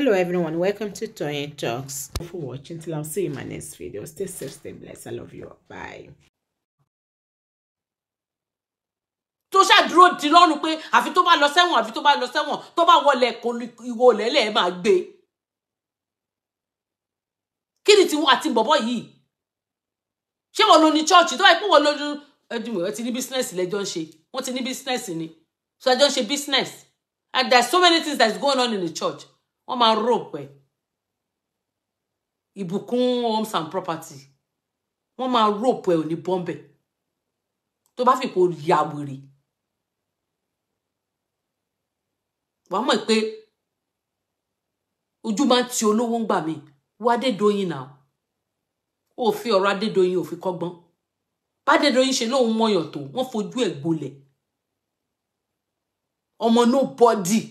hello everyone welcome to Toyeen Talks Thank you for watching till i'll see you in my next video stay safe stay blessed i love you all. bye. tó ṣàdúró di lọ́rùn pé àfi tó bá lọ sẹ́wọ̀n àfi tó bá lọ sẹ́wọ̀n tó bá wọlé ìwọ lẹ́lẹ́ máa gbé kí ni tiwọn àti bọ̀bọ̀ yìí ṣé wọn ló ní chọ́ọ̀chì tó bá pé wọn ló ní ẹdùnmọ̀ ẹ ti ní bísínẹ́sì lẹ́jọ́ ń ṣe wọ́n ti ní bísínẹ́sì ni so ẹjọ́ ń ṣe bísínẹ́sì and there are so many things that is going on in the church wọ́n máa rope ẹ̀ ìbùkún homes and property wọ́n máa rope ẹ̀ ò ní bọ́m̀bẹ̀ tó bá fìpò ya wèrè wàá mọ̀ pé ojú máa ń ti olówó ń gbà mí wo Adédoyin náà ó fi ọ̀rọ̀ Adédoyin ò fi kọ́gbọ́n bádédoyin ṣe lóun mọyàn tó wọ́n fojú ẹ̀ gbolẹ̀ ọmọ nobody.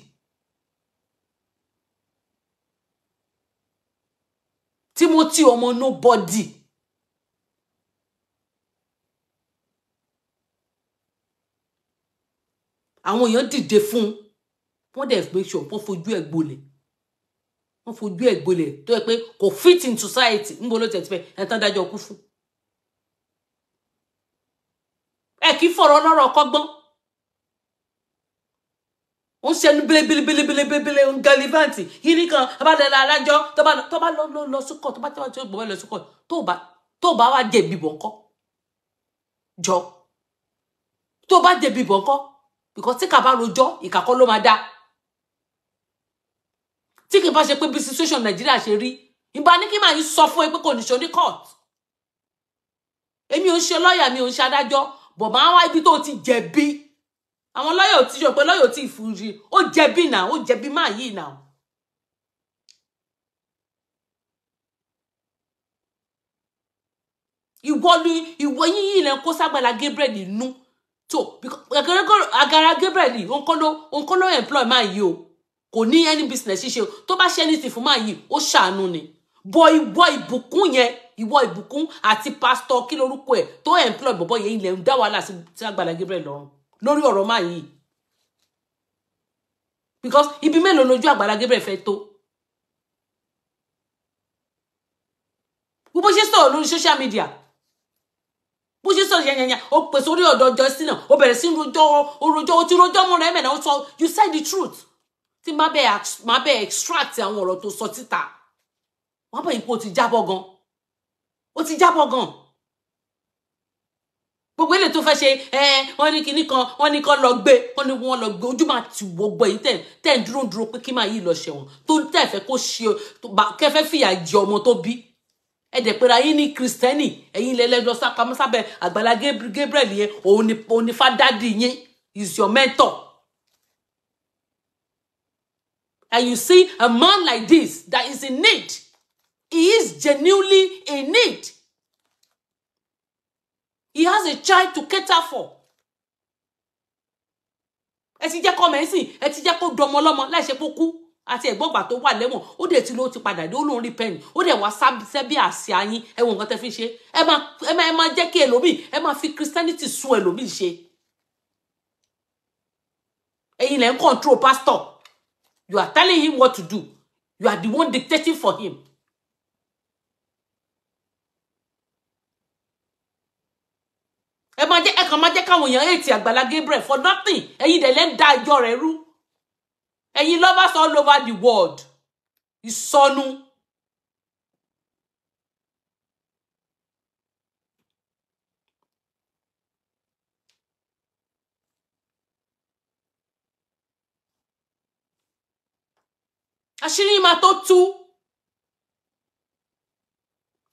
Timothy ọmọ nobody. àwọn èèyàn dìde fún un wọ́n dẹ̀ make sure wọ́n fojú ẹ̀ gbolẹ̀ wọ́n fojú ẹ̀ gbolẹ̀ tó yẹ pé kò fit in society ń bolo tẹ̀ tí pé ẹ̀ tán dájọ́ kú fún. ẹ kì í fọ̀rọ̀ lọ́rọ̀ kọ́gbọ́n ó ń ṣẹnu bílébílébílébílé ń galivanti yìí kan abádẹ́lá adájọ́ tó bá lọ lọ lọ sókọ̀ tó bá tẹ́wọ́ tó gbọ́ lọ sókọ̀ tó bá wá jẹ̀bi bọ̀ ńkọ́ jọ tó bá jẹ̀bi bọ̀ ńkọ́ bìkọ́ tí kà bá rojọ́ ìkàkọ́ ló máa dá tí kì bá ṣe pé bí situation nàìjíríà ṣe rí ìbá ní kí màá yín sọ fún ẹ pé kò ní ṣe ní court èmi ò ń ṣe lọ́ọ̀yà mi ò ń ṣe adájọ́ bọ̀ máa wá ibi tó ti jẹ̀bi àwọn lọ́yà ò ti yọ pé lọ́yà ò tí ì fún yìí ó jẹ̀bi náà ó jẹ̀bi máa yìí náà. ìwọ ni ìwọ yín yìí lẹ ń kó ságbára Gabriel nú tó agara Gabriel ònkọ́ ló employ máa yìí o kò ní any business ṣíṣe tó bá ṣe anything fún máa yìí ó ṣàánú ni bọ ìwọ ìbùkún yẹn ìwọ ìbùkún àti pásítọ̀ kí lorúkọ ẹ tó employ bọbọ yẹn ilẹ̀ ń dá wàhálà sí Agbala Gabriel lọ́rùn lórí ọ̀rọ̀ máa yìí because ibi mélòó lójú Àgbàlá Gabriel fẹ́ tó bó ṣe sọ̀rọ̀ lórí social media bó ṣe sọ̀rọ̀ yẹnyẹnyẹ ó pèsè orí ọ̀dọ̀ Justin náà ó bẹ̀rẹ̀ sí rojọ́ ó rojọ́ ó ti rojọ́ mọ́ra ẹ̀mẹ̀ náà ó sọ you said the truth tí má bẹ́ẹ̀ má bẹ́ẹ̀ extract àwọn ọ̀rọ̀ tó sọ síta wọ́n bẹ̀ yìí pé ó ti jábọ̀ gan ó ti jábọ̀ gan gbogbo ilé tó fẹ́ ṣe ẹ wọ́n ní kinní kan wọ́n ní kan lọ gbé wọ́n ní wọ́n lọ gbé ojú máa ti wọ́ gbọ́ yìí tẹ̀ tẹ̀ ń dúró dúró pé kí máa yìí lọ ṣẹ̀wọ̀n tó ń tẹ̀ fẹ́ kó ṣe kẹfẹ́ fìyà jẹ ọmọ tó bí ẹ dẹ̀ pera yín ní kristẹni ẹ̀yin lẹ́lẹ́ lọ sápamọ́ sábẹ́ àgbàlá Gabriel yẹn òun ni òun ni fádádì yín is your mentor and you see a man like this that is in need he is genuinely in need he has a child to cater for ẹ ti jẹ́ kọ́ mẹ́sìn ẹ ti jẹ́ kó dọmọ lọ́mọ láì ṣe kó kú àti ẹ̀gbọ́gbà tó wà lẹ́wọ̀n ó dẹ̀ ti ló ti padà dé ó lóun rí pẹ́ẹ́nì ó dẹ̀ wá sẹ́bí àṣẹ ayín ẹ̀wọ̀n nǹkan tẹ́ fi ṣe ẹ máa ẹ máa jẹ́ kí ẹlòmíì ẹ máa fi christianity sun ẹlòmíì ṣe ẹ̀yin lẹ́ ń control pastor you are telling him what to do you are the one dictating for him ẹ máa jẹ́ ẹ kàn máa jẹ́ káwọn èèyàn ètì Àgbàlá Gabriel for nothing ẹ̀yin dẹ̀ lẹ́ ń da ẹjọ́ rẹ̀ rú ẹ̀yin lovers all over the world ìsọnù. àṣírí máa tó tú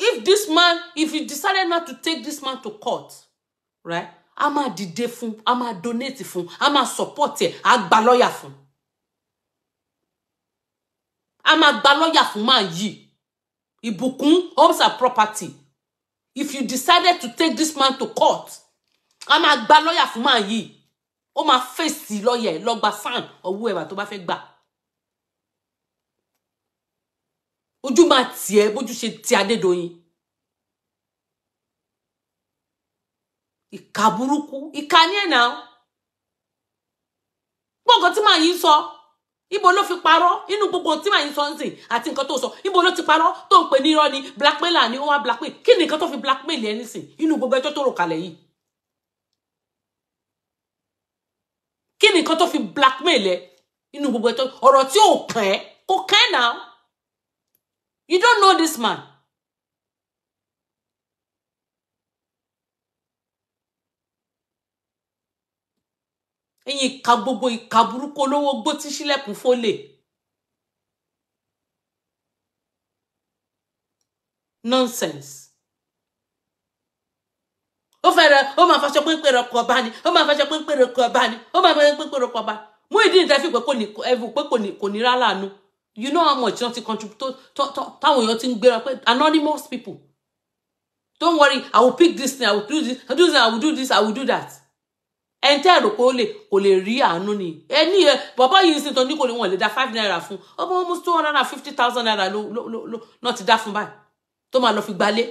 if this man if he decided not to take this man to court right a máa dìde fún a máa donate fún a máa support ẹ a gba lọ́ọ̀yà fún a máa gba lọ́ọ̀yà fún máa yí ìbùkún homes and property if you decided to take this man to court a máa gba lọ́ọ̀yà fún máa yí ó máa fèsì lọ́ọ̀yà ẹ lọ́gba fan ọwọ́ ẹ̀wà tó bá fẹ́ gbà. ojú máa tì ẹ́ bójú ṣe ti Adédoyin ìka burúkú ìka ní ẹ̀nà gbọ́ngàn tí màá yín sọ ibo ló fi parọ́ inú gbogbo tí màá yín sọ ń àti nǹkan tó sọ ibo ló ti parọ́ tó ń pè ní irọ́ ni blackmail ni ó wá blackmail kí ni nǹkan tó fi blackmail ẹni sìn inú gbogbo ẹjọ́ tó rò kalẹ̀ yìí kí ni nǹkan tó fi blackmail ẹ inú gbogbo ẹjọ́ ọ̀rọ̀ tí ò kàn ẹ́ kò kàn ẹ́ now you don't know this man. ẹ̀yin ìka gbogbo ìka burúkú olówó gbó tí sílẹ̀kùn fólè. nonsense. ó fẹ́rẹ̀ ó máa faṣọ pínpín rọ̀kọ̀ ọba ni ó máa faṣọ pínpín rọ̀kọ̀ ọba ni ó máa faṣọ pínpín rọ̀kọ̀ ọba mú ìdí nìta fi pé kò ní ẹ̀fù pé kò ní kò ní rálá nu you know how much ti contribute táwọn èèyàn ti ń gbéra pé anonymous people don't worry i will pick this thing i will do this i will do this i will do that ẹni tẹ́ rò pé ó lè kò lè rí àánú ni ẹni ẹ bàbá yìí sì tó ní kò lè wọ́n lè dá five naira fún ọmọ almost two hundred and fifty thousand naira ló ló ló náà ti dá fún báyìí tó máa lọ fi gbalé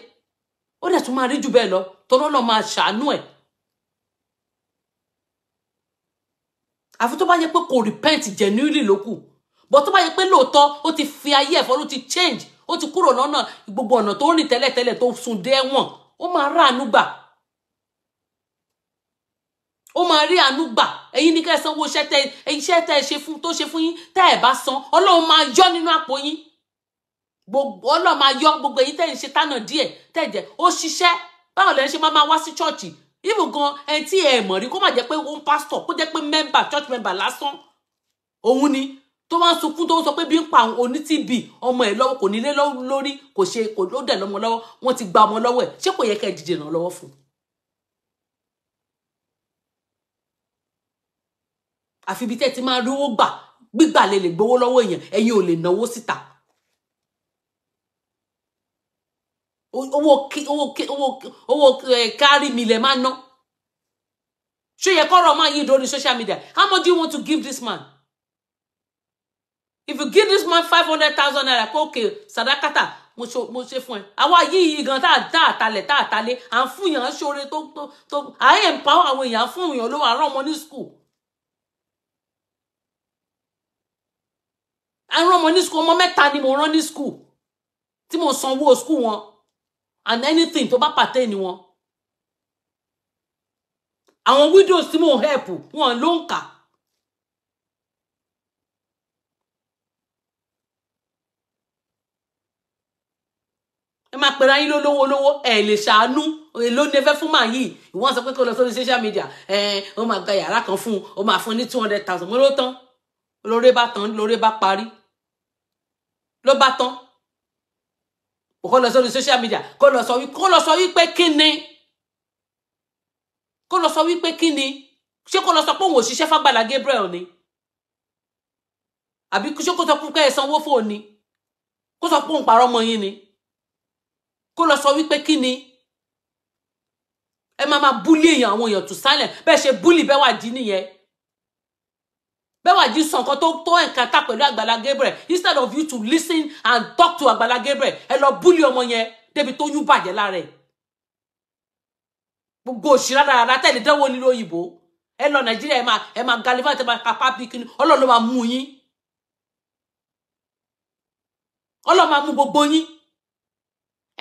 ó dẹ̀ tún máa rí jù bẹ́ẹ̀ lọ tọ́lọ́ náà máa ṣàánú ẹ̀ àfi tó bá yẹ pé kò repent genuinely ló kù bọ́ tó bá yẹ pé lóòótọ́ ó ti fi ayé ẹ̀fọ́ ló ti change ó ti kúrò lọ́nà gbogbo ọ̀nà tó ń rìn tẹ́lẹ̀tẹ́lẹ̀ tó sùn dé ẹ̀wọ̀n ó máa ráàánú gbà ó máa rí àánú gbà ẹ̀yin ní kẹ́ ẹ sanwó iṣẹ́ tẹ iṣẹ́ tẹ ẹ ṣe fún tó ṣe fún yín tẹ́ ẹ bá san ọlọ́run máa yọ nínú àpò yín gbogbo ọlọ́run máa yọ gbogbo èyí tẹ́ ẹ ń ṣe tánà díẹ̀ tẹ́ ẹ jẹ́ ó ṣiṣẹ́ báwo lẹ́ ń ṣe máa máa wá sí chọ́ọ̀chì even gan ẹni tí ẹ mọ̀ rí kó má jẹ́ pé ó pásítọ̀ kó jẹ́ pé mẹ́mbà church mẹ́mbà lásán òun ni tó wá ń sunkún tó ń sọ pé bí ń pa àwọn oní tb ọmọ ẹ lọ́wọ́ kò nílé lórí kò ṣe kò ló dẹ̀ lọ́mọ lọ́wọ́ wọ́n ti gba ọmọ lọ́wọ́ ẹ̀ ṣé kò yẹ ká ẹ dìde ràn lọ́wọ́ fún un àfi ibi tẹ́ ti máa rówó gbà gbígbà lè lè gbowó lọ́wọ́ èèyàn ẹ̀yin ò lè náwó síta. owó owó owó kárí mi lè máa ná ṣé yẹ kọ́rọ̀ máa yí ìdórí social media how much do you want to give this man if you give this man five hundred thousand naira pé okay sadakata mo ṣe mo ṣe fún ẹ àwa yìí gan tá a dá àtàlẹ tá a tàlẹ à ń fún yàn án ṣoore tó tó tó à ń empower àwọn èèyàn fún yàn lówó àárọ̀ ọmọ ní school a rán ọmọ ní school ọmọ mẹ́ta ni mo rán ní school tí mo sanwó school wọn and anything tó bá pàtẹ́ ni wọn àwọn widows tí mo help wọn ló ń kà. ẹ máa pera yín lólówó lówó ẹ lè ṣàánú èló ni ẹ fẹ́ fún màá yìí ìwọ́n sọ pé kó lọ sórí social media ẹ ó máa gba yàrá kan fún un ó máa fún un ní two hundred thousand mo ló tán lóore bá tán lóore bá parí ló bá tán kó lọ sórí social media kó lọ sọ kó lọ sọ wípé kí ni kó lọ sọ wípé kí ni ṣé kó lọ sọ pé òun ò ṣiṣẹ́ fágbàlá Gabriel ni àbí ṣé kó sọ pé ẹ sanwó fóun ni kó sọ pé òun parọ́ mọ́ yín ni kó lọ sọ wípé kí ni ẹ máa máa búlì èèyàn àwọn èèyàn tù sálẹ̀ bẹ́ẹ̀ ṣe búlì bẹ́ẹ̀ wà jí nìyẹn Bewaji sọ nǹkan tó tó nǹkan ta pẹ̀lú Agbala Gabriel instead of you to listen and talk to Agbala Gabriel ẹ lọ búlì ọmọ yẹn débi tó yún bàjẹ́ lára ẹ̀ gbogbo òṣìṣẹ́ rárára tẹ̀lé dánwò nílò òyìnbó ẹ lọ Nàìjíríà ẹ máa ẹ máa galifá ẹ máa papá bí kíni Ọlọ́run ló máa mú yín Ọlọ́run máa mú gbogbo yín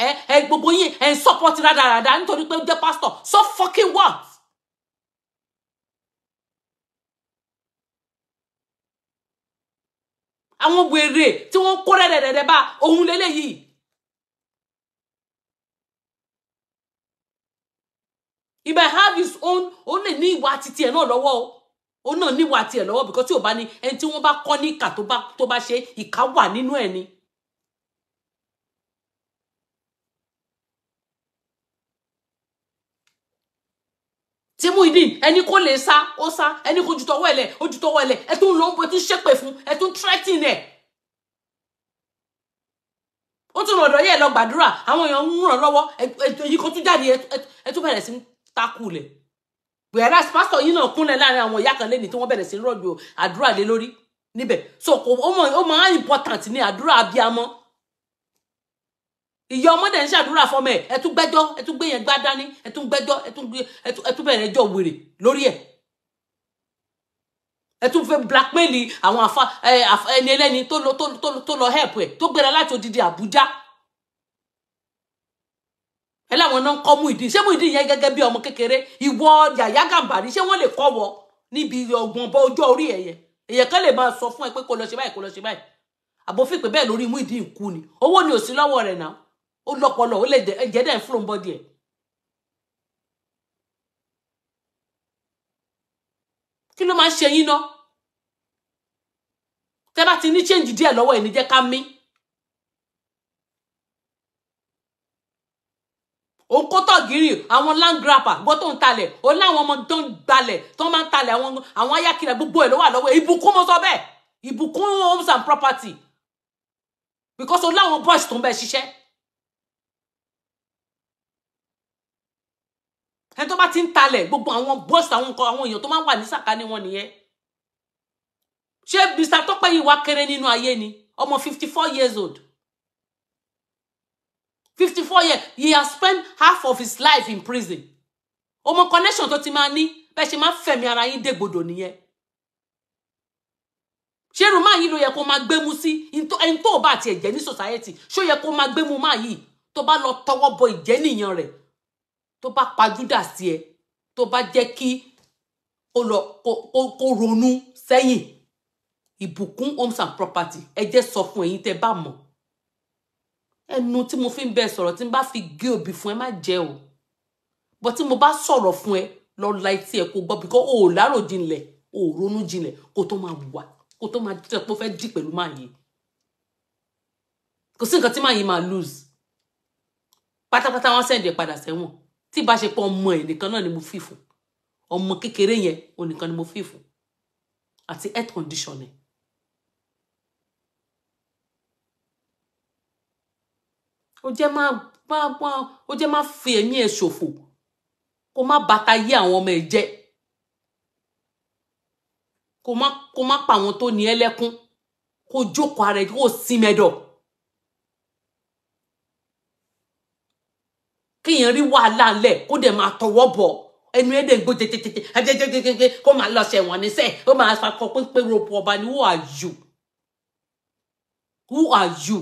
ẹ ẹ gbogbo yín ẹ ń support rárára nítorí pé ó jẹ́ pastor so fucking what. àwọn wèrè tí wọ́n kó rẹ̀rẹ̀rẹ̀ bá òun lélẹ́yìí. he may have his own ó lè ní ìwà titi ẹ̀ náà lọ́wọ́ o òun náà ní ìwà tiẹ̀ lọ́wọ́ because tí ò bá ní ẹni tí wọ́n bá kọ́ ní ìkà tó bá ṣe ìkà wà nínú ẹ̀ ni. tí Muyideen ẹni kò lè sá ó sá ẹni kò ju tọwọ́ ẹ̀lẹ̀ ó ju tọwọ́ ẹ̀lẹ̀ ẹ tún lọ ń bọ ẹ tún ṣépè fún ẹ tún threatening ẹ̀ ó tún rọ̀dọ̀ yẹ̀ lọ gbàdúrà àwọn èèyàn ń ràn lọ́wọ́ èyí kan tún jáde ẹ tún bẹ̀rẹ̀ sí ń takulẹ̀ whereas pastor yìí náà kúnlẹ̀ láàrin àwọn ìyá kan lẹ́ni tí wọ́n bẹ̀rẹ̀ sí ń rọ̀jò àdúrà lé lórí níbẹ̀ so ó máa important ní àdúrà abiyamọ ìyá ọmọ dẹ̀ ń ṣàdúrà fọmọ ẹ̀ ẹ tún gbẹ́jọ́ ẹ tún gbé yẹn gbá dání ẹ tún gbẹ́jọ́ ẹ tún bẹ̀rẹ̀ ẹjọ́ wèrè lórí ẹ̀ ẹ tún fẹ́ blackmail àwọn ẹni ẹlẹ́ni tó lọ help ẹ̀ tó gbéra láti odidi Àbújá ẹ láwọn náà ń kọ́ Muyideen ṣé Muyideen yẹn gẹ́gẹ́ bí ọmọ kékeré ìwọ Yàyà Gàmbàrí ṣé wọ́n lè kọ́ wọ níbi ọgbọ̀n bọ ọjọ́ orí ẹ̀yẹ èyẹ kan lè máa sọ fún ẹ pé kó lọ ṣe báyìí kó lọ ṣe báyìí àbòfin pé bẹ́ẹ̀ lórí Muyideen kú ni owó ni ò sí lọ́wọ́ rẹ̀ náà ó lọ́pọlọ ó lè ẹ̀jẹ̀ dẹ̀ ń flow body ẹ̀. kí ló máa ń ṣe yín ná tẹ́ bá ti ní change díẹ̀ lọ́wọ́ ẹ̀ ní jẹ́ ká mí. òun kó tọ̀gìrì àwọn land grabber gbọ́ tó ń talẹ̀ ó láwọn ọmọ tó ń gbalẹ̀ tó máa ń talẹ̀ àwọn àwọn ayákìlẹ̀ gbogbo ẹ̀ ló wà lọ́wọ́ ìbùkún mo sọ bẹ́ẹ̀ ìbùkún homes and property because ó láwọn boys tó ń bẹ ṣiṣẹ́. ẹni tó bá ti ń talẹ̀ gbogbo àwọn bọ́ọ̀sì àwọn nǹkan àwọn èèyàn tó máa ń wà ní sàkání wọn nìyẹn ṣé Mr. Tọ́pẹ́ yìí wá kéré nínú ayé ni ọmọ fifty four years old fifty four years he has spent half of his life in prison ọmọ connection tó ti máa ní bẹ́ẹ̀ ṣe máa ń fẹ̀mí ara yín dègbodò nìyẹn ṣé irú máa yìí ló yẹ kó máa gbé mu sí ẹni tó bá tiẹ̀ jẹ́ ní society ṣó yẹ kó máa gbé mu máa yìí tó bá lọ tọwọ́ bọ ìjẹ́nìyàn rẹ̀ tó bá pajúdà sí ẹ tó bá jẹ́ kí kó lọ kó ronú sẹ́yìn ìbùkún homes and property ẹ jẹ́ sọ fún ẹ̀yin tẹ́ bá mọ̀ ẹnu tí mo fi ń bẹ sọ̀rọ̀ tí n bá fi gé òbí fún ẹ má jẹ́ o bọ́ tí mo bá sọ̀rọ̀ fún ẹ lọ la etí ẹ kó gbọ́ bíkọ́ o ò lárò jinlẹ̀ o ò ronú jinlẹ̀ kó tó máa wà kó tó máa jẹ́ pé ó fẹ́ dì pẹ̀lú máa yìí kò sí nǹkan tí máa yìí máa lose pátápátá wọn sẹ́ǹdẹ̀ padà sẹ́wọ̀n tí bá ṣe pọ̀ ọmọ ẹ̀ nìkan náà ni mo fi fún ọmọ kékeré yẹn òun nìkan ni mo fi fún àti health condition ẹ̀. ó jẹ́ máa bá bá ó jẹ́ máa fi ẹ̀mí ẹ̀ ṣòfò kó má bàtà yé àwọn ọmọ ẹ̀ jẹ́ kó má kó má pa àwọn tó ní ẹ lẹ́kún kó jókòó ara ẹ̀ kó sinmi ẹ̀dọ̀. kéèyàn rí wàhálà ńlẹ̀ kó dẹ̀ máa tọwọ́ bọ̀ ẹnu ẹ̀ dẹ̀ gbó tètètètè ẹ̀jẹ̀jẹ̀jẹ̀jẹ̀ kó máa lọ sẹ̀wọ̀n níṣẹ́ ó máa fakọ pínpín ropo ọba ni who are you who are you.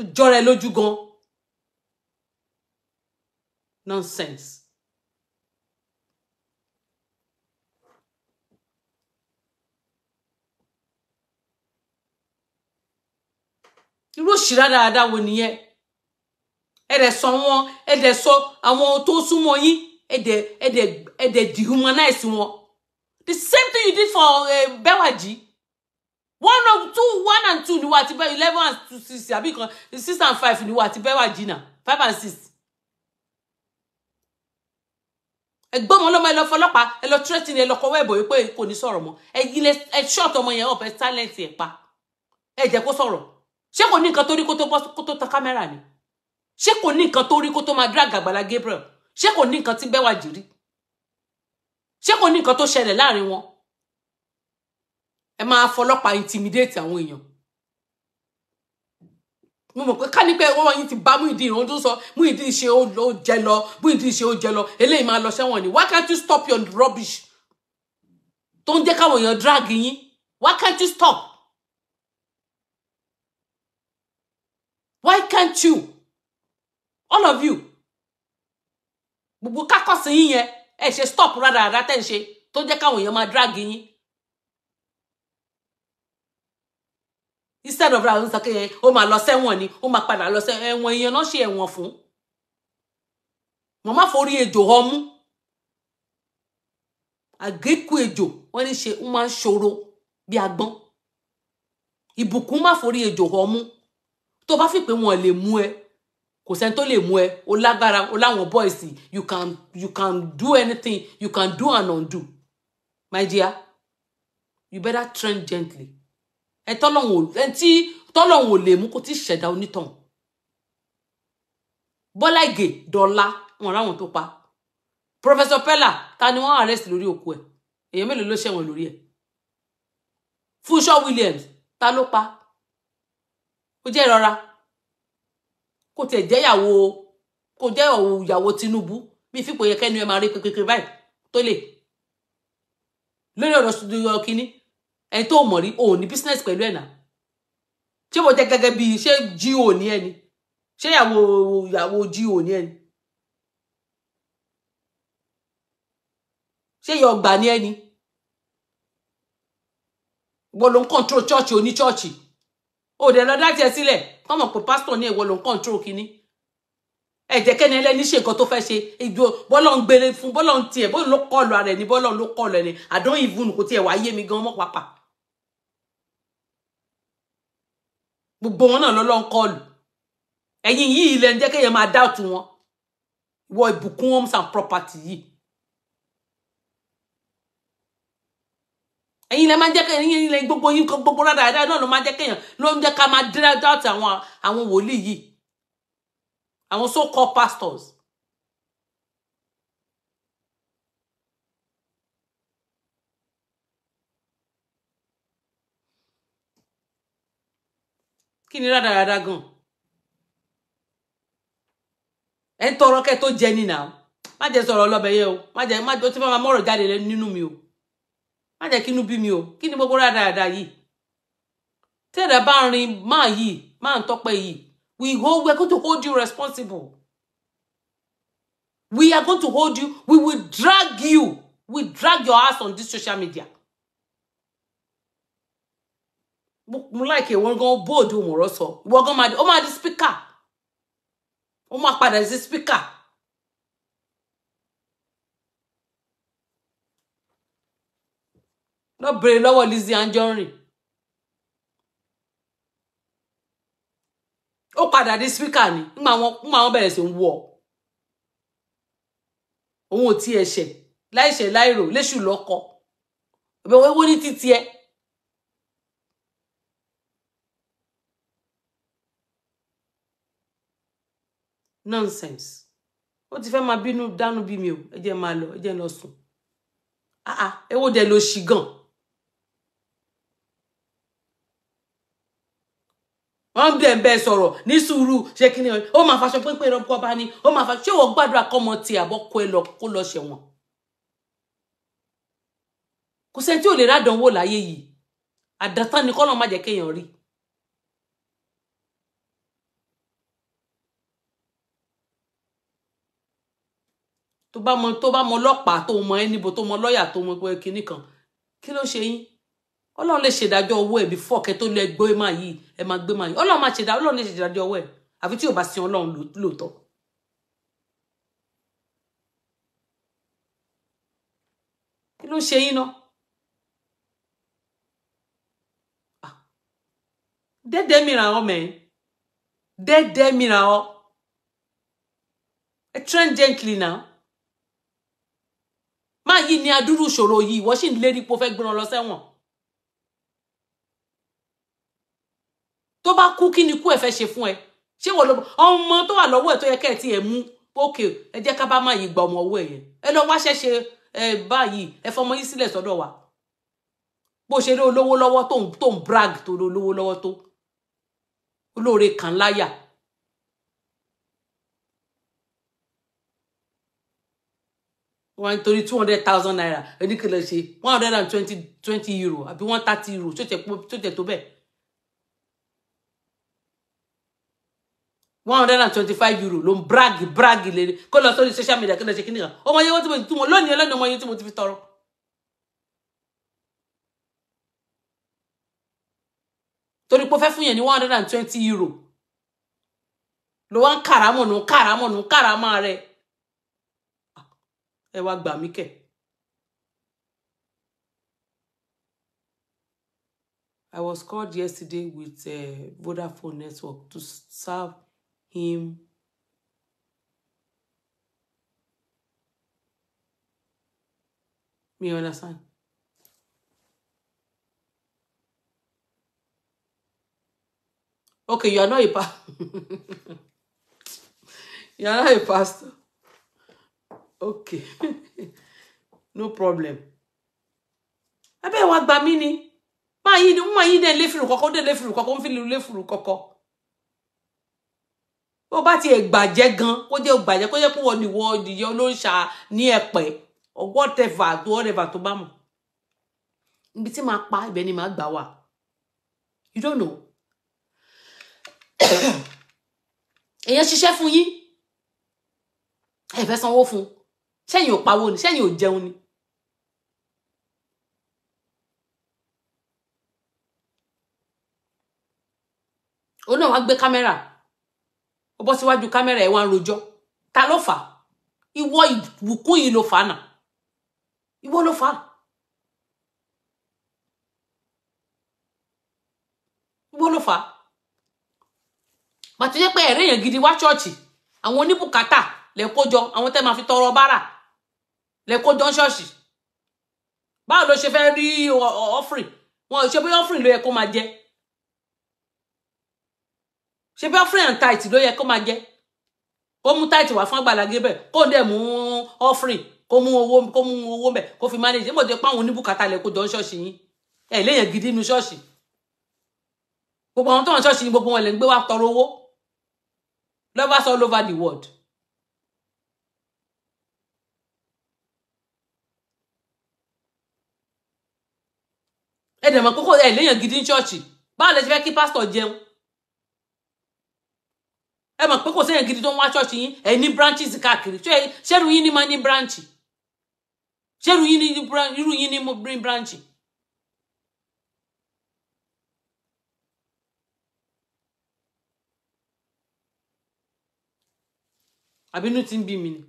ó jọra lójú gan nonsense. irú òṣìṣẹ́ dáadáa wo nìyẹn ẹ dẹ̀ sọ wọn ẹ dẹ̀ sọ àwọn tó súnmọ́ yín ẹ dẹ̀ ẹ dẹ̀ ẹ dẹ̀ dehumanize wọn the same thing you did for uh, one of two one and two ni wà àti eleven and two six àbí kan six and five ni wà àti Bẹ́wàjí náà five and six ẹgbọ́n ọmọ ọlọ́mọ ẹ lọ fọlọ́pàá ẹ lọ tírẹ́tìnì ẹ lọ kọwọ́ ẹ̀bọ̀ wípé kò ní sọ̀rọ̀ mọ́ ẹ ilẹ̀ ẹ ṣọ́ọ̀tì ọmọ yẹn ọ̀pẹ tálẹ̀ǹtì ẹ̀ pa ẹ jẹ́ kó sọ̀rọ̀ ṣé kò ní nǹkan tó rí kó tó bọ́ kó tó tan kámẹ́rà ni ṣé kò ní nǹkan tó rí kó tó máa drag Àgbàlá Gabriel ṣé kò ní nǹkan tí Bẹ́wàjì rí ṣé kò ní nǹkan tó ṣẹlẹ̀ láàrin wọn ẹ máa fọlọ́pàá intimidate àwọn èèyàn mo mọ̀ pé ká ní pé wọ́n yìí ti bá Muyideen ìrún tó sọ Muyideen ṣe ó jẹ lọ Muyideen ṣe ó jẹ lọ eléyìí máa lọ sẹ́wọ̀n ni why can't you stop your rubbish tó ń jẹ́ káwọn èèyàn drag yín why can't you stop Why can't you? All of you. Gbogbo kákọ́sì yín yẹn ẹ ṣe stop rádaràda tẹ́ ń ṣe tó jẹ́ káwọn èèyàn máa drag yín. Instead of ra àwọn sọ̀kẹ́ yẹn ó máa lọ sẹ́wọ̀n ni ó máa padà lọ sẹ́wọ̀n ẹ̀wọ̀n èèyàn náà ṣe ẹ̀wọ̀n fún. Màmá forí ejò ọmú. Àgékù ejò wọ́n ní ṣe ń máa ń ṣòro bí agbọ́n. Ìbùkún má forí ejò ọmú tó bá fi pé wọn lè mú ẹ kò sẹ́ni tó lè mú ẹ o lágbára o láwọn boys you can you can do anything you can do and undo my dear you better train gently ẹ tọ́lọ́hún ẹ tí tọ́lọ́hún ò lè mú kó tí ṣẹ̀dá onítàn Bọ́lá Ìgè dọ́là wọn ráwọn tó pa Professor Pella ta ni wọ́n arrest lórí òkú ẹ̀ èèyàn mélòó ló ṣẹ̀wọ̀n lórí ẹ̀ Fúnṣọ́ Williams ta ló pa kó jẹ́ ìrora kó tiẹ̀ jẹ́ ìyàwó kó jẹ́ ìyàwó Tinubu bí fipò yẹ kẹ́nu ẹ máa rí pépépé báyìí tó lè lórí ọ̀rọ̀ ṣùgbọ́n kínní ẹni tó mọ̀ rí òun ní business pẹ̀lú ẹ̀ ṣé mo jẹ gẹ́gẹ́ bíi ṣé gò ní ẹni ṣé ìyàwó ìyàwó gò ní ẹni ṣé ìyọ̀gbà ní ẹni wọ́n ń control church oní church ò dẹ̀ lọ dájẹ́ sílẹ̀ kọ́mọ̀ pé pásítọ̀ ní ìwọ ló ń kọ́ńtró kínní ẹ̀jẹ̀ kẹ́ni ẹlẹ́ni ṣe nǹkan tó fẹ́ ṣe ìjọ bọ́lọ̀ ń gbére fún bọ́lọ̀ ń tiẹ̀ bọ́lọ̀ ló kọlu ara ẹ̀ ní bọ́lọ̀ ló ni. ẹ̀ ní àdán ìvùn kò tiẹ̀ wá yé mi gan mọ́ pàápàá gbogbo wọn náà lọ́lọ́ ń kọlu ẹ̀yin yìí ilẹ̀ ń jẹ́ kéèyàn máa dáàtú wọn wọ ìbùkún homes and property yìí ẹ̀yin lẹ máa ń jẹ́ kẹ́yìn lẹ gbogbo yín gbogbo rádaràdà náà ló máa ń jẹ́ ló ń jẹ́ ká máa dé dáàtì àwọn àwọn wòlíì yìí àwọn so called pastors. kí ni rádaràdà gan ẹ ń tọrọ kẹ tó jẹ nínà má jẹ sọ̀rọ̀ ọlọbẹ yẹ o má jẹ má jẹ ó ti fẹ́ máa mọ̀rọ̀ jáde nínú mi o má jẹ́ kí inú bí mi o kí ni gbogbo rádaràda yìí tẹ́ẹ̀dá bá ń rin máa yìí máa ń tọ́pẹ́ yìí we hold we are going to hold you responsible we are going to hold you we will drag you we drag your ass on this social media mo láìkè e, wọn gan bóòdù òmùrọ sọ ìwọ gan máa di ó máa di spíkà ó máa padà sí spíkà lọ bèrè lọ́wọ́ Lizzy Anjorin ó padà di spíkà ni ńgbà wọn ńgbà wọn bẹ̀rẹ̀ sí ń wọ̀ òun ò tí ẹ ṣẹ̀ láìṣẹ̀ láìrò léṣù lọ́kọ ìbẹ̀wò ewu ní títí ẹ. nonsense ó ti fẹ́ máa bínú dánú bí mi o ẹ jẹ́ máa lọ ẹ jẹ́ lọ sùn ah ah Ewo dẹ̀ ló ṣì gan-an. wọ́n bẹ̀ ń bẹ́ sọ̀rọ̀ ní sùúrù ṣé kí ni ó máa faṣọ pínpín ìrọ́pọ̀ bá ní ó máa faṣọ ṣé wọ́n gbàdúrà kọ́mọ ti àbọ̀ kó ẹ lọ kó lọ ṣẹ̀wọ̀n. kò sẹ́ni tí ò lè rádànwò láyé yìí àdántán ni kọ́nà má jẹ́ kéèyàn rí. tó bá mọ tó bá mọ ọlọ́pàá tó mọ ẹnìbò tó mọ lọ́ọ̀yà tó mọ pé kinní kan kí ló ṣe yín ọlọ́run lè ṣèdájọ́ owó ẹ̀ before kẹ́ tó lọ ẹgbẹ́ máa yìí ẹ máa gbé máa yìí ọlọ́run máa ṣèdájọ́ ọlọ́run lè ṣèdájọ́ owó ẹ̀ àfi tí ò bá sin ọlọ́run lóòótọ́. kí ló ń ṣe yín náà. Ah. dẹ́dẹ́ mìíràn ọ mẹ́rin dẹ́dẹ́ mìíràn ọ ẹ trend gently now máa yí ni adúrú ìṣòro yìí ìwọ sì ń lérí pé ó fẹ́ gbọ́n lọ sẹ́wọ̀n. tó bá kú kí ni kú ẹ fẹ́ ṣe fún ẹ ṣé wọ́n lọ ọmọ tó wà lọ́wọ́ ẹ tó yẹ kẹ́ ẹ ti ẹ̀ mú ókè ẹ jẹ́ ká bá má yìí gba ọmọ ọwọ́ ẹ yẹn ẹ lọ wá ṣẹ́ṣe ẹ báyìí ẹ fọmọ yín sílẹ̀ sọ́dọ̀ wa bó ṣe rí olówó lọ́wọ́ tó ń brag tó rí olówó lọ́wọ́ tó olóore kan láyà wọn nítorí two hundred thousand naira oníkèlè ṣe one hundred and twenty twenty euro àbí one thirty euro tó tẹ tó bẹ́ẹ̀ one hundred and twenty five euro ló ń brag brag lé kó lọ sórí social media kó lọ ṣe kí nìkan ọmọ yẹn wọ́n ti mọ̀ tí mo lónìí ọlọ́dún ọmọ yẹn tí mo ti fi tọrọ. torí pé ó fẹ́ fún yẹn ní one hundred and twenty euro ló wá ń kàràmọ̀ nù kàràmọ̀ nù kàràmọ̀ rẹ̀ ẹ wá gbà mí kẹ̀. I was called yesterday with uh, Vodafone network to serve him you understand okay you are not a pastor. you are not a pastor okay no problem abẹ́ wa gbà mí ni máa yí ni wọ́n máa yí dẹ́ léfìrù kọ́kọ́ dẹ́ léfìrù kọ́kọ́ ń fi lè léfìrù kọ́kọ́ ó bá ti gbàjẹ́ gan kó jẹ́ gbàjẹ́ kó jẹ́ pé wọ́n ní wọ́n ìyẹn olóríṣà ní ẹ̀pẹ́ whatever tó whatever tó bá mọ̀ ibi tí máa pa ibẹ̀ ni máa gbà wà you don't know èèyàn ṣiṣẹ́ fún yín ẹ fẹ́ sanwó fún ṣẹ́yìn ò pawó ni ṣẹ́yìn ò jẹun ni. òun náà wá gbé kámẹ́rà bọ́ síwájú kámẹ́rà ẹ̀ wá ń rojọ́ ta ló fà á ìwọ ìbùkún yìí ló fà á nà ìwọ ló fà á ìwọ ló fà á bàtí jẹ́ pé ẹ̀rí èèyàn gidi wá ṣọ́ọ̀ṣì àwọn oníbùkátà lẹ́kọ́jọ àwọn tẹ́ máa fi tọrọ bárà lẹ́kọ́jọ ṣọ́ọ̀ṣì báwo ló ṣe fẹ́ rí offering wọn ò ṣe bí offering ló yẹ kó máa jẹ ṣe offering tight ló yẹ kó máa jẹ kó mú tight wá fún Agbala Gabriel kó dẹ̀ mú offering kó mú owó kó mú owó mbẹ kó fi manage níbo tó pé àwọn oníbùkátà lẹ kó jọ ń ṣọ́ọ̀ṣì yín ẹ léèyàn gidi nínú ṣọ́ọ̀ṣì gbogbo àwọn tó ń ṣọ́ọ̀ṣì yín gbogbo wọn lè ń gbé wá tọrọ owó lovers all over the world. ẹ dẹ̀ mọ̀ kókó ẹ léèyàn gidi ní ṣọ́ọ̀ṣì báwo lè ṣe fẹ́ kí pásítọ̀ jẹun ẹ mọ̀ pé kò sẹ́yìn gidi tó ń wá ṣọ́ọ̀ṣì yín ẹ ní branches káàkiri ṣẹ́rù yín ni máa ní branch ṣẹ́rù yín ni irú yín ni mo bring branch. àbínú ti ń bí mi ni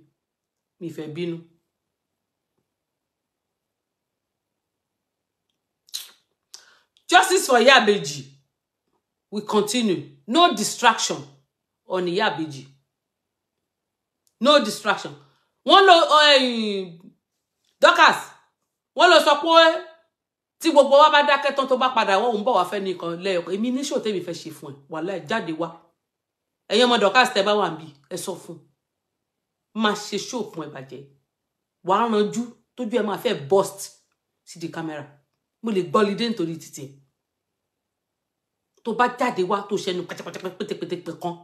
mi fẹ́ bínú. Justice for Iyabeji will continue. No distraction ọ̀nì ìyá àbèjì no distraction wọ́n lo eh, Dorcas wọ́n lọ sọ pé tí gbogbo wa bá dákẹ́ tán tó bá padà wọ́n òun bọ̀ wá fẹ́ nìkan lẹ́yọ̀kọ́ èmi níṣò tèmi fẹ́ ṣe fún ẹ wàláhì jáde wá ẹ̀yin ọmọ Dorcas tẹ́ bá wà níbí ẹ sọ fún máa ṣe ṣó fún ẹ bàjẹ́ wàá ranjú tójú ẹ máa fẹ́ burst sí di kámẹ́rà mo lè gbọ́ lidé nítorí títì tó bá jáde wá tó ṣẹnu pẹ́tẹ́pẹ́tẹ́ pẹ́tẹ́pẹ́tẹ́ kan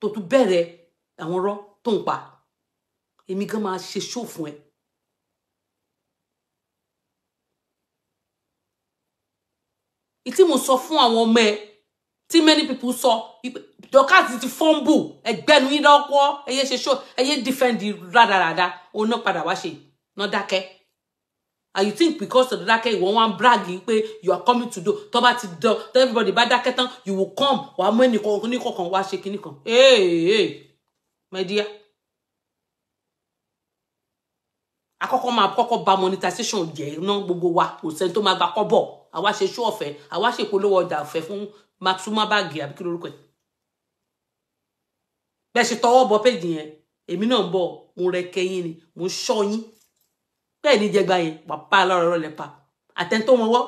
tó tún bẹ̀rẹ̀ àwọn ọ̀rọ̀ tó ń pa èmi gan máa ṣe ṣó fún ẹ. ìtí mo sọ fún àwọn ọmọ ẹ tí many people sọ dọkasi ti fọ́nbù ẹgbẹ́nu yín lọ́wọ́ ẹyẹ ṣe ṣó ẹyẹ defend rádaràda òun náà padà wá ṣe náà dákẹ́ and you think because of dákẹ́ ìwọ wan brag pé you are coming to do tó bá ti dán tó everybody bá dákẹ́ tán you will come wà á mú ẹnìkan oníkọ̀ọ̀kan wá ṣe kinní kan ee my dear akọ́kọ́ máa kọ́kọ́ ba monetization jẹ́ ná gbogbo wa kò sẹ́ni tó máa gba kọ́bọ̀ àwa ṣe ṣú ọ̀fẹ́ àwa ṣe ìpolówó ọjà ọ̀fẹ́ fún maxuma báàgì àbí kí lorúkọ ẹ̀ bẹ́ẹ̀ ṣe tọwọ́ bọ péjì yẹn èmi náà ń bọ̀ mo rẹ kẹyìn ni mo ń ṣọ́ yín bẹ́ẹ̀ ni jẹgba yẹn pàpà lọ́rọ̀ ọ̀rọ̀ lẹ́pa àtẹni tó mọwọ́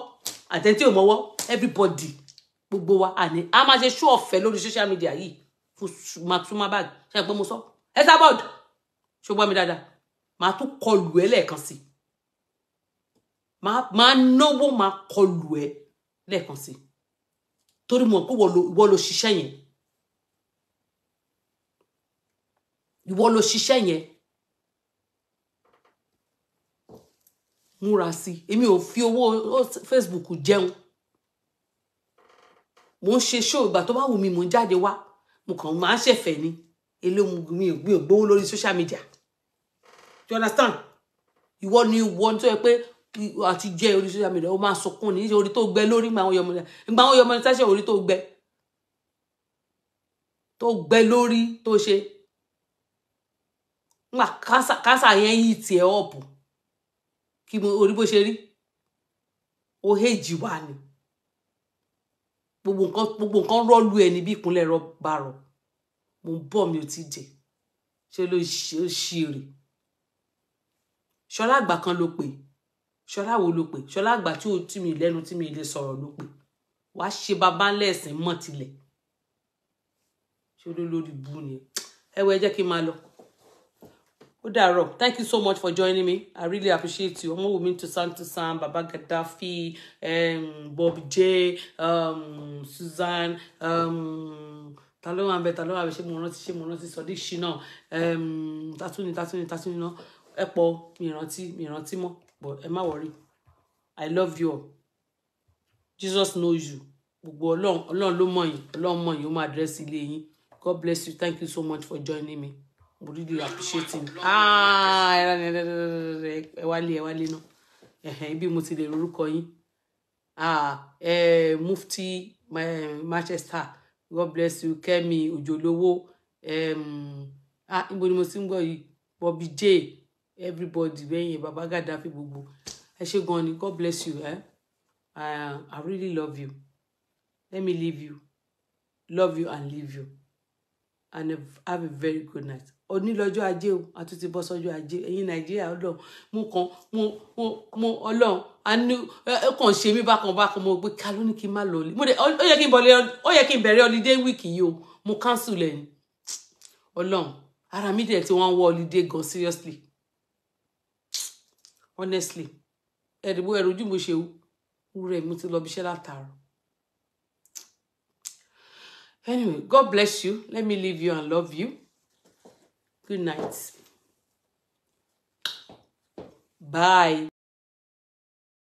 àtẹni tí ò mọwọ́ everybody gbogbo wa àní a máa ṣe ṣú ọ̀fẹ́ lórí social media yìí fún matuma bag ṣe é pé mo sọ ẹsà board ṣùgbọ́n mi dáadáa màá tún kọlù ẹ lẹ́ẹ̀kan sí màá náwó màá kọlù ẹ lẹ́ẹ̀kan sí torí mo pé ìwọ ló ṣiṣẹ́ yẹn ìwọ ló ṣiṣẹ́ yẹn múra sí èmi ò fi owó Facebook jẹun mo ń ṣe show ìgbà tó bá wù mí mo ń jáde wá mo kàn máa ń ṣẹ̀fẹ̀ ni eléwu mi ò gbowó lórí social media you understand ìwọ ni ìwọ tó yẹ pé àti jẹ orí social media ó máa sọkún ní orí tó gbẹ lórí ìgbà àwọn yọmọdé ìgbà àwọn yọmọdé sáṣẹ orí tó gbẹ tó gbẹ lórí tó ṣe ńgbà kásà yẹn yìí tiẹ̀ ọ̀pù kí mo orí bó ṣe rí ó héjì wá ni gbogbo nǹkan gbogbo nǹkan rọ́ọ̀lù ẹni bí ìkúnlẹ̀ rọ bá rọ mo ń bọ̀ mi ò ti jẹ ṣé ló ṣe ó ṣe rè ṣọlá àgbà kan ló pè ṣọlá wo ló pè ṣọlá àgbà tí ò tí mi lẹ́nu tí mi lè sọ̀rọ̀ ló pè wàá ṣe bàbá ńlẹ̀ mọ́ tilẹ̀ ṣé ló lórí bú ni ẹ wọ ẹ jẹ́ kí n máa lọ ó dàárọ̀ thank you so much for joining me i really appreciate you ọmọwùmí tosan tosan baba gaddafi um, bob j um, susan um, ta ló wà ń bẹ ta ló wà ń bẹ ṣé mo rántí ṣé mo rántí sọdí ṣìnà um, tatúni tatúni tatúni náà ẹ pọ mi rántí mi rántí mọ́ but ẹ má wọrí i love you jesus knows you gbogbo Ọlọ́run Ọlọ́run ló mọ̀ yín Ọlọ́run mọ̀ yín ó máa dírẹ́sì ilé yín god bless you thank you so much for joining me really appreciate him ah ẹ wálé ẹ wálé náà ibi mo ti lè rorúkọ yín ah eh, mufti Manchester God bless you Kẹ́mi Òjòlówó um, ah ibo ni mo ti ń gbọ́ yìí Bobby J everybody gbẹ̀yìn baba Gàdáfì gbogbo ẹ ṣé gan ni God bless you eh? uh, I really love you let me leave you love you and leave you and have a very good night onílọ́jọ́ ajé o àtúntì bọ́ sọ́jọ́ ajé ẹ̀yin nàìjíríà ọlọ́run mo kàn mo mo mo ọlọ́run àní ẹ kàn ṣe mí bákan bákan mo gbé ká lónìí kí n má lọ ọ mo dé ó yẹ kí n bọ̀lẹ̀ ó yẹ kí n bẹ̀rẹ̀ holiday week yìí o mo cancel ẹ̀ ọlọ́run ara mi dẹ̀ tí wọ́n wọ holiday gan seriously honestly ẹ̀rìbó ẹ̀rù ojú mo ṣe wúrẹ̀ mo ti lọ bíṣẹ́ látàárọ̀ anyway god bless you let me leave you and love you. Good night. Bye.